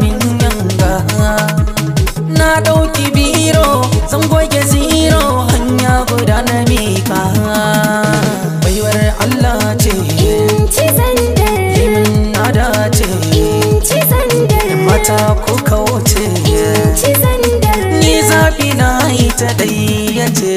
min ganga na ɗauki biro zan goge ziro hanya guda na mika baiwar Allah ce ci na dace ci zandar mata ko ni zafi na ita ɗaya ce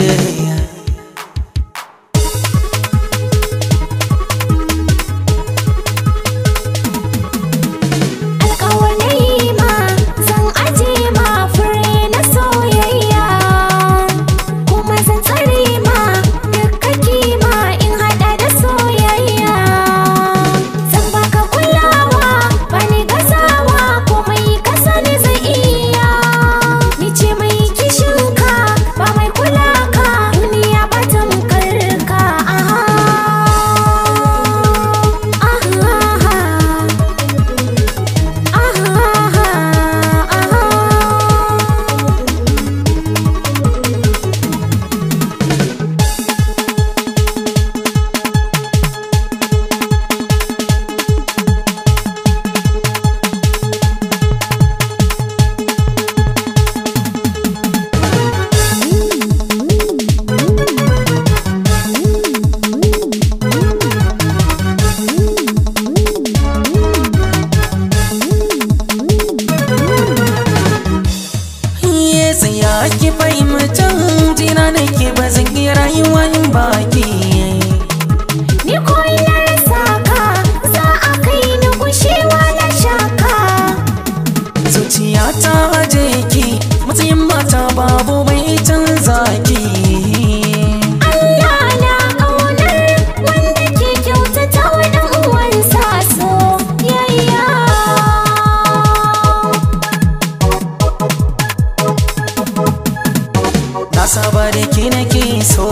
saba da ki nake so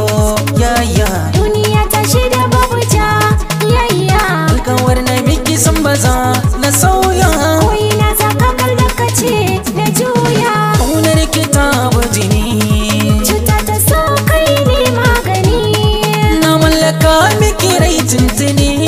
yaya duniya ta shida da babu ta yaya kawar na biki sun baza na sauya koyi na sakakar da kace na juya kaunar ki ta jini cuta ta so kai ne magani na mallaka miki rai tuntuni